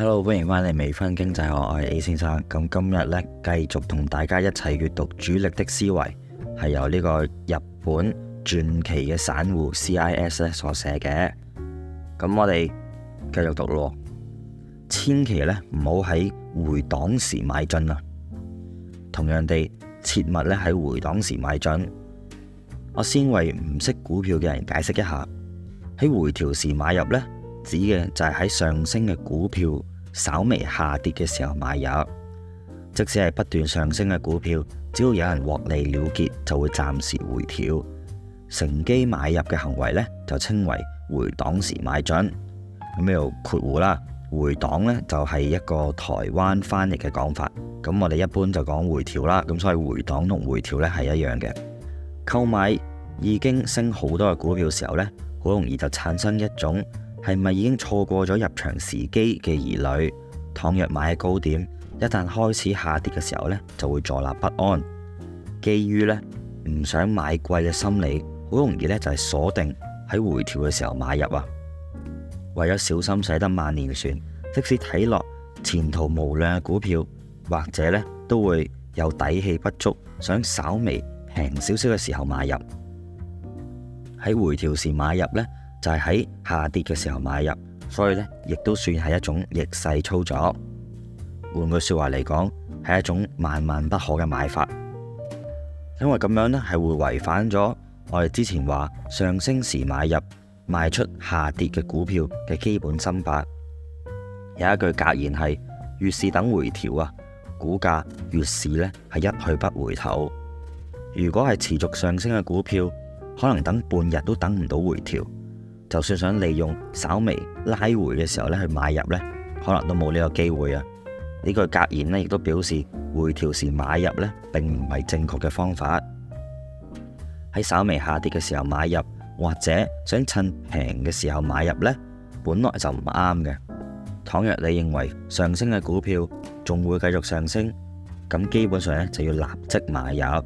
hello，歡迎翻嚟《微醺經濟學》，我係 A 先生。咁今日呢，繼續同大家一齊閱讀《主力的思維》，係由呢個日本傳奇嘅散戶 CIS 咧所寫嘅。咁我哋繼續讀咯。千祈呢，唔好喺回檔時買進啊！同樣地，切勿咧喺回檔時買進。我先為唔識股票嘅人解釋一下：喺回調時買入呢，指嘅就係喺上升嘅股票。稍微下跌嘅時候買入，即使係不斷上升嘅股票，只要有人獲利了結，就會暫時回調，乘機買入嘅行為呢，就稱為回檔時買進。咁又括弧啦，回檔呢，就係一個台灣翻譯嘅講法，咁我哋一般就講回調啦，咁所以回檔同回調呢，係一樣嘅。購買已經升好多嘅股票時候呢，好容易就產生一種。係咪已經錯過咗入場時機嘅疑慮？倘若買喺高點，一旦開始下跌嘅時候呢，就會坐立不安，基於呢唔想買貴嘅心理，好容易呢就係鎖定喺回調嘅時候買入啊。為咗小心駛得萬年船，即使睇落前途無量嘅股票，或者呢都會有底氣不足，想稍微平少少嘅時候買入。喺回調時買入呢。就係喺下跌嘅時候買入，所以呢亦都算係一種逆勢操作。換句説話嚟講，係一種萬萬不可嘅買法，因為咁樣呢係會違反咗我哋之前話上升時買入、賣出下跌嘅股票嘅基本心法。有一句格言係：越是等回調啊，股價越是呢係一去不回頭。如果係持續上升嘅股票，可能等半日都等唔到回調。就算想利用稍微拉回嘅時候咧去買入，呢可能都冇呢個機會啊。呢句格言呢亦都表示回調時買入呢並唔係正確嘅方法。喺稍微下跌嘅時候買入，或者想趁平嘅時候買入呢，本來就唔啱嘅。倘若你認為上升嘅股票仲會繼續上升，咁基本上呢就要立即買入，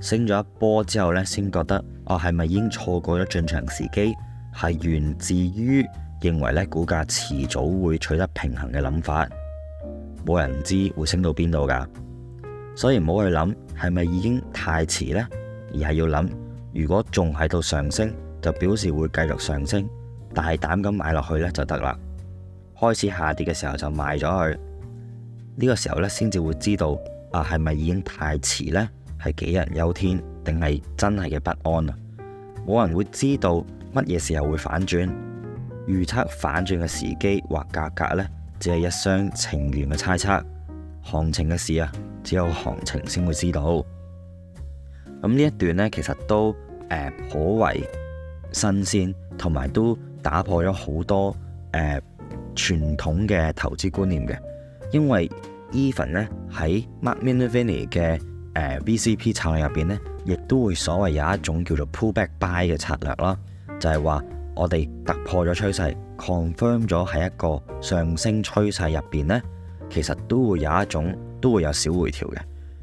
升咗一波之後呢，先覺得哦，係咪已經錯過咗進場時機？係源自於認為咧股價遲早會取得平衡嘅諗法，冇人知會升到邊度噶，所以唔好去諗係咪已經太遲呢，而係要諗如果仲喺度上升，就表示會繼續上升，大膽咁買落去呢就得啦。開始下跌嘅時候就賣咗佢，呢個時候呢先至會知道啊係咪已經太遲呢，係杞人憂天定係真係嘅不安啊？冇人會知道。乜嘢時候會反轉？預測反轉嘅時機或價格呢，只係一廂情願嘅猜測。行情嘅事啊，只有行情先會知道。咁呢一段呢，其實都誒頗為新鮮，同埋都打破咗好多誒、呃、傳統嘅投資觀念嘅。因為 Even 咧喺 Mark Minervini 嘅誒 VCP 策略入邊呢，亦都會所謂有一種叫做 Pullback Buy 嘅策略啦。就係話我哋突破咗趨勢，confirm 咗喺一個上升趨勢入邊呢，其實都會有一種都會有小回調嘅。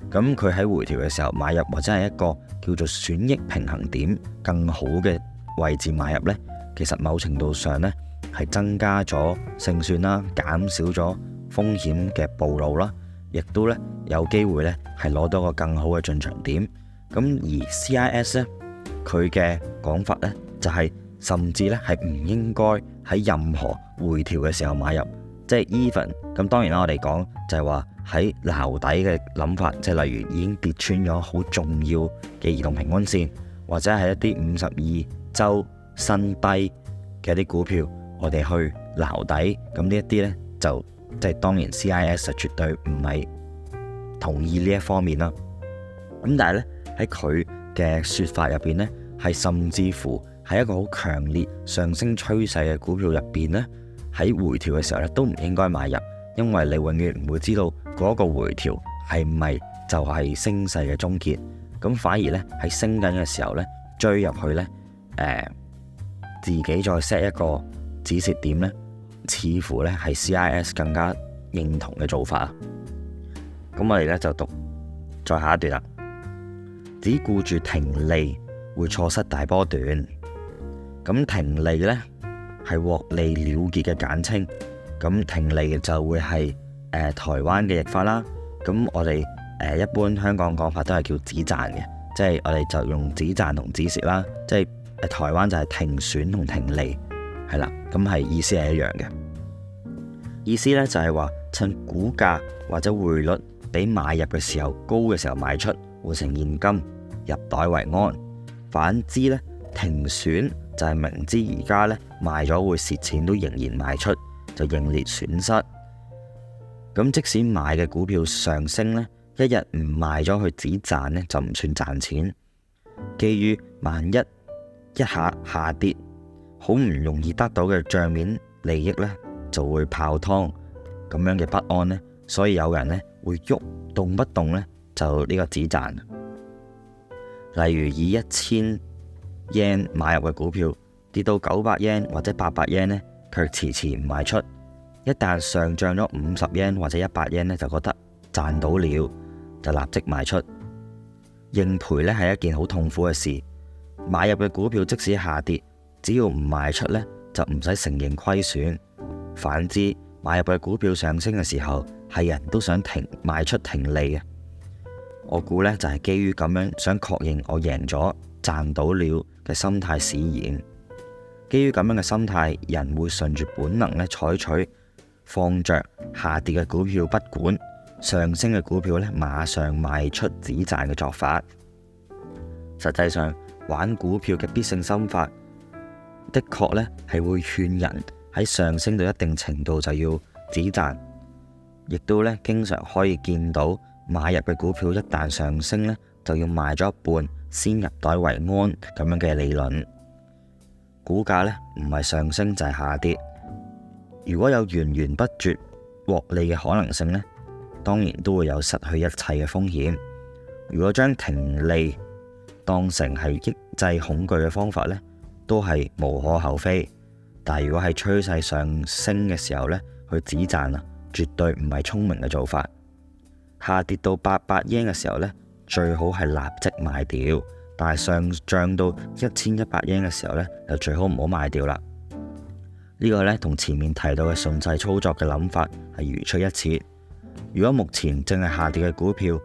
咁佢喺回調嘅時候買入或者係一個叫做損益平衡點更好嘅位置買入呢，其實某程度上呢係增加咗勝算啦，減少咗風險嘅暴露啦，亦都呢有機會呢係攞到個更好嘅進場點。咁而 CIS 呢，佢嘅講法呢。就係、是、甚至咧，係唔應該喺任何回調嘅時候買入，即係 even。咁當然啦，我哋講就係話喺撈底嘅諗法，即、就、係、是、例如已經跌穿咗好重要嘅移動平均線，或者係一啲五十二周新低嘅啲股票，我哋去撈底。咁呢一啲呢，就即係、就是、當然 CIS 絕對唔係同意呢一方面啦。咁但係呢，喺佢嘅說法入邊呢，係甚至乎。喺一個好強烈上升趨勢嘅股票入邊呢，喺回調嘅時候咧，都唔應該買入，因為你永遠唔會知道嗰一個回調係咪就係升勢嘅終結。咁反而呢，喺升緊嘅時候呢，追入去呢，誒、呃、自己再 set 一個止蝕點呢，似乎呢，係 CIS 更加認同嘅做法。咁我哋咧就讀再下一段啦。只顧住停利會錯失大波段。咁停利呢，係獲利了結嘅簡稱，咁停利就會係誒、呃、台灣嘅譯法啦。咁我哋誒、呃、一般香港講法都係叫止賺嘅，即係我哋就用止賺同止蝕啦。即係、呃、台灣就係停損同停利係啦，咁係意思係一樣嘅。意思呢，思就係話趁股價或者匯率比買入嘅時候高嘅時候賣出，換成現金入袋為安。反之呢，「停損」。就係、是、明知而家咧賣咗會蝕錢，都仍然賣出，就認列損失。咁即使買嘅股票上升咧，一日唔賣咗去止賺咧就唔算賺錢。基於萬一,一下下跌，好唔容易得到嘅賬面利益咧就會泡湯，咁樣嘅不安咧，所以有人咧會喐，動不動咧就呢個止賺。例如以一千。日圓買入嘅股票跌到九百日圓或者八百日圓呢，卻遲遲唔賣出。一旦上漲咗五十日圓或者一百日圓呢，就覺得賺到了，就立即賣出。認賠呢係一件好痛苦嘅事。買入嘅股票即使下跌，只要唔賣出呢，就唔使承認虧損。反之，買入嘅股票上升嘅時候，係人都想停賣出停利啊。我估呢就係基於咁樣想確認我贏咗。賺到了嘅心態使然，基於咁樣嘅心態，人會順住本能呢，採取放着下跌嘅股票不管，上升嘅股票呢馬上賣出止賺嘅做法。實際上玩股票嘅必勝心法的確呢係會勸人喺上升到一定程度就要止賺，亦都呢，經常可以見到買入嘅股票一旦上升呢，就要賣咗一半，先入袋為安咁樣嘅理論，股價呢唔係上升就係下跌。如果有源源不絕獲利嘅可能性呢，當然都會有失去一切嘅風險。如果將停利當成係抑制恐懼嘅方法呢都係無可厚非。但係如果係趨勢上升嘅時候呢去止賺啊，絕對唔係聰明嘅做法。下跌到八百 yen 嘅時候呢。最好係立即賣掉，但係上漲到一千一百英嘅時候呢，就最好唔好賣掉啦。呢、這個呢，同前面提到嘅順勢操作嘅諗法係如出一轍。如果目前正係下跌嘅股票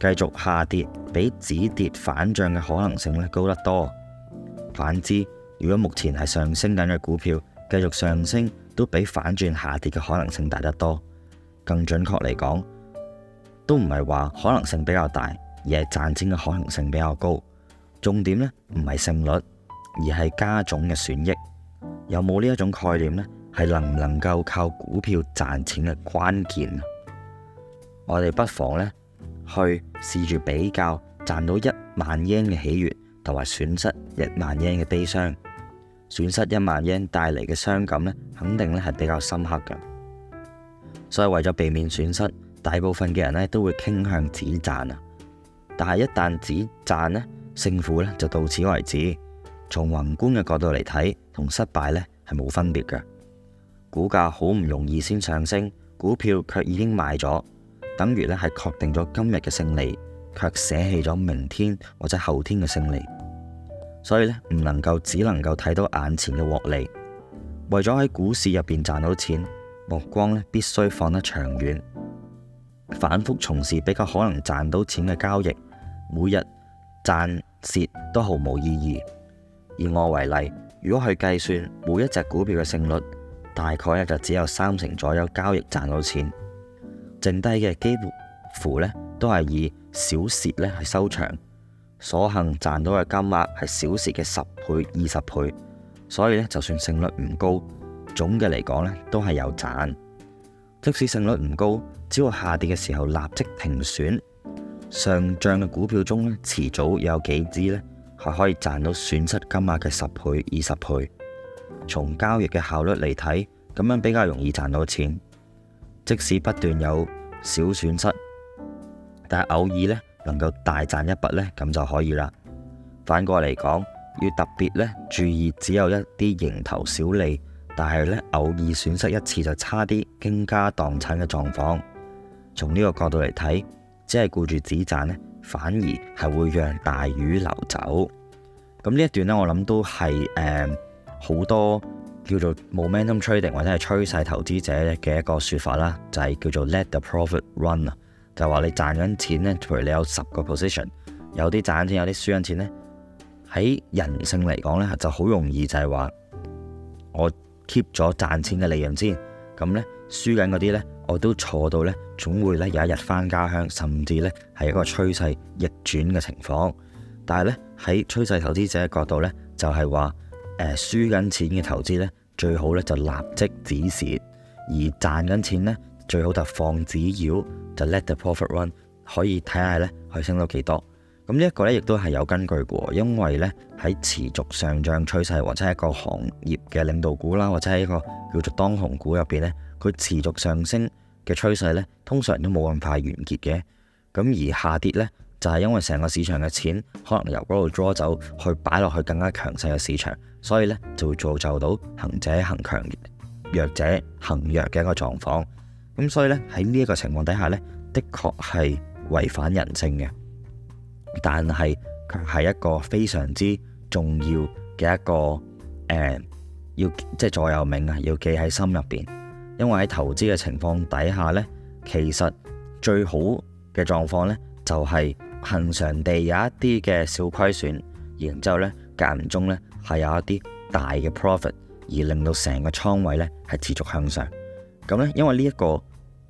繼續下跌，比止跌反漲嘅可能性咧高得多。反之，如果目前係上升緊嘅股票繼續上升，都比反轉下跌嘅可能性大得多。更準確嚟講，都唔係話可能性比較大。而係賺錢嘅可行性比較高，重點呢，唔係勝率，而係加總嘅損益。有冇呢一種概念呢？係能唔能夠靠股票賺錢嘅關鍵？我哋不妨呢，去試住比較賺到一萬英嘅喜悅，同埋損失一萬英嘅悲傷。損失一萬英帶嚟嘅傷感呢，肯定呢係比較深刻嘅。所以為咗避免損失，大部分嘅人呢，都會傾向止賺啊！但係一旦只賺咧，勝負咧就到此為止。從宏觀嘅角度嚟睇，同失敗咧係冇分別嘅。股價好唔容易先上升，股票卻已經賣咗，等於咧係確定咗今日嘅勝利，卻捨棄咗明天或者後天嘅勝利。所以咧唔能夠只能夠睇到眼前嘅獲利，為咗喺股市入邊賺到錢，目光咧必須放得長遠，反復從事比較可能賺到錢嘅交易。每日賺蝕都毫無意義。以我為例，如果去計算每一隻股票嘅勝率，大概就只有三成左右交易賺到錢，剩低嘅幾乎呢都係以小蝕呢係收場。所幸賺到嘅金額係小蝕嘅十倍二十倍，所以呢就算勝率唔高，總嘅嚟講呢都係有賺。即使勝率唔高，只要下跌嘅時候立即停損。上漲嘅股票中呢，遲早有幾支呢係可以賺到損失金額嘅十倍、二十倍。從交易嘅效率嚟睇，咁樣比較容易賺到錢。即使不斷有小損失，但係偶爾呢能夠大賺一筆呢，咁就可以啦。反過嚟講，要特別呢注意，只有一啲蠅頭小利，但係呢偶爾損失一次就差啲傾家蕩產嘅狀況。從呢個角度嚟睇。只係顧住止賺咧，反而係會讓大魚流走。咁呢一段咧，我諗都係誒好多叫做 momentum trading 或者係趨勢投資者嘅一個説法啦，就係叫做 let the profit run 啊，就話你賺緊錢咧，譬如你有十個 position，有啲賺緊錢，有啲輸緊錢咧，喺人性嚟講咧就好容易就係話我 keep 咗賺錢嘅利潤先，咁呢，輸緊嗰啲呢。我都錯到呢，總會呢有一日返家鄉，甚至呢係一個趨勢逆轉嘅情況。但係呢，喺趨勢投資者嘅角度呢，就係話誒輸緊錢嘅投資呢，最好呢就立即止蝕；而賺緊錢呢，最好就放止腰，就 let the profit run，可以睇下呢去升到幾多。咁呢一個呢，亦都係有根據嘅，因為呢，喺持續上漲趨勢或者係一個行業嘅領導股啦，或者係一個叫做當紅股入邊呢。會持續上升嘅趨勢呢，通常都冇咁快完結嘅。咁而下跌呢，就係、是、因為成個市場嘅錢可能由嗰度捉走，去擺落去更加強勢嘅市場，所以呢就會造就到行者行強，弱者行弱嘅一個狀況。咁所以呢，喺呢一個情況底下呢，的確係違反人性嘅，但係佢係一個非常之重要嘅一個、呃、要即係、就是、座右銘啊，要記喺心入邊。因為喺投資嘅情況底下呢，其實最好嘅狀況呢，就係、是、恒常地有一啲嘅小虧損，然之後呢，間唔中呢，係有一啲大嘅 profit，而令到成個倉位呢係持續向上。咁呢，因為呢、這、一個誒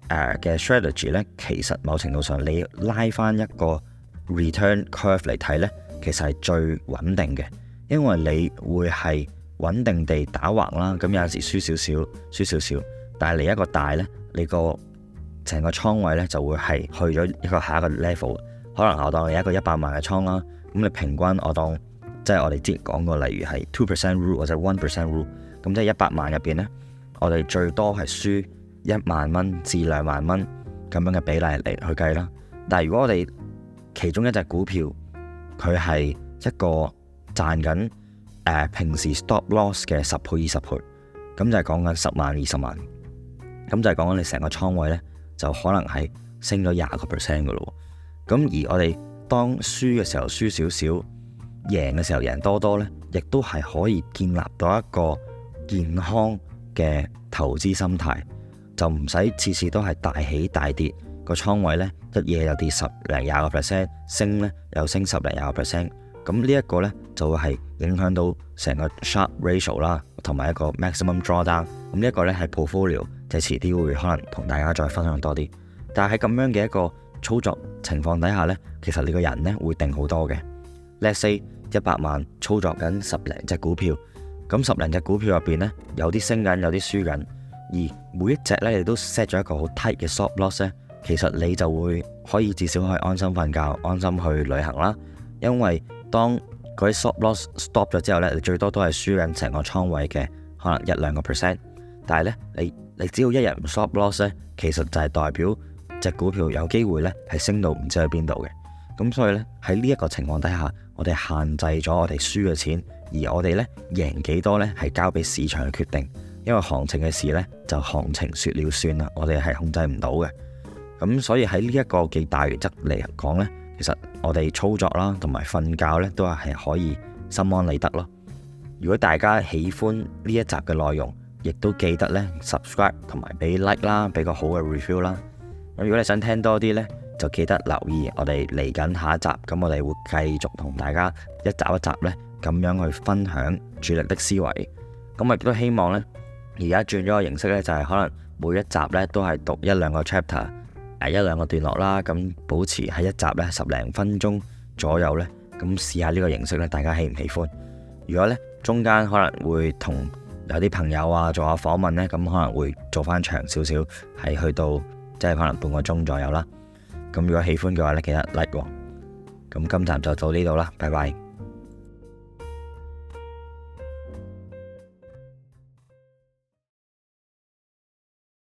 嘅、uh, strategy 呢，其實某程度上你拉翻一個 return curve 嚟睇呢，其實係最穩定嘅，因為你會係穩定地打橫啦。咁有時輸少少，輸少少，但係你一個大呢，你個成個倉位呢就會係去咗一個下一個 level。的可能我當你一個一百萬嘅倉啦。咁你平均我當即係我哋之前講過，例如係 two percent rule 或者 one percent rule，咁即係一百萬入邊呢，我哋最多係輸一萬蚊至兩萬蚊咁樣嘅比例嚟去計啦。但係如果我哋其中一隻股票佢係一個賺緊，誒平時 stop loss 嘅十倍二十倍，咁就係講緊十萬二十萬。咁就係講緊你成個倉位咧，就可能係升咗廿個 percent 噶咯。咁而我哋當輸嘅時候輸點點，輸少少；贏嘅時候，贏多多咧，亦都係可以建立到一個健康嘅投資心態，就唔使次次都係大起大跌。那個倉位咧，一夜又跌十零廿個 percent，升咧又升十零廿個 percent。咁呢一個咧就會係影響到成個 Sharpe Ratio 啦，同埋一個 Maximum Drawdown。咁呢一個咧係 Portfolio。就係遲啲會可能同大家再分享多啲，但係喺咁樣嘅一個操作情況底下呢，其實你個人呢會定好多嘅，let say 一百萬操作緊十零隻股票，咁十零隻股票入邊呢，有啲升緊，有啲輸緊，而每一隻呢，你都 set 咗一個好 tight 嘅 stop loss 呢，其實你就會可以至少可以安心瞓覺，安心去旅行啦。因為當嗰啲 stop loss stop 咗之後呢，你最多都係輸緊成個倉位嘅可能一兩個 percent，但係呢，你。你只要一日唔 stop loss 咧，其實就係代表隻股票有機會咧係升到唔知去邊度嘅。咁所以咧喺呢一個情況底下，我哋限制咗我哋輸嘅錢，而我哋咧贏幾多咧係交俾市場去決定，因為行情嘅事咧就行情説了算啦，我哋係控制唔到嘅。咁所以喺呢一個幾大原則嚟講咧，其實我哋操作啦同埋瞓覺咧都係係可以心安理得咯。如果大家喜歡呢一集嘅內容，亦都記得咧，subscribe 同埋俾 like 啦，俾個好嘅 review 啦。咁如果你想聽多啲咧，就記得留意我哋嚟緊下一集。咁我哋會繼續同大家一集一集咧，咁樣去分享主力的思維。咁我亦都希望咧，而家轉咗個形式咧，就係可能每一集咧都係讀一兩個 chapter，誒一兩個段落啦。咁保持喺一集咧十零分鐘左右咧，咁試下呢個形式咧，大家喜唔喜歡？如果咧中間可能會同有啲朋友啊，做下訪問呢，咁可能會做翻長少少，係去到即係可能半個鐘左右啦。咁如果喜歡嘅話，記得 like 喎。咁今集就到呢度啦，拜拜。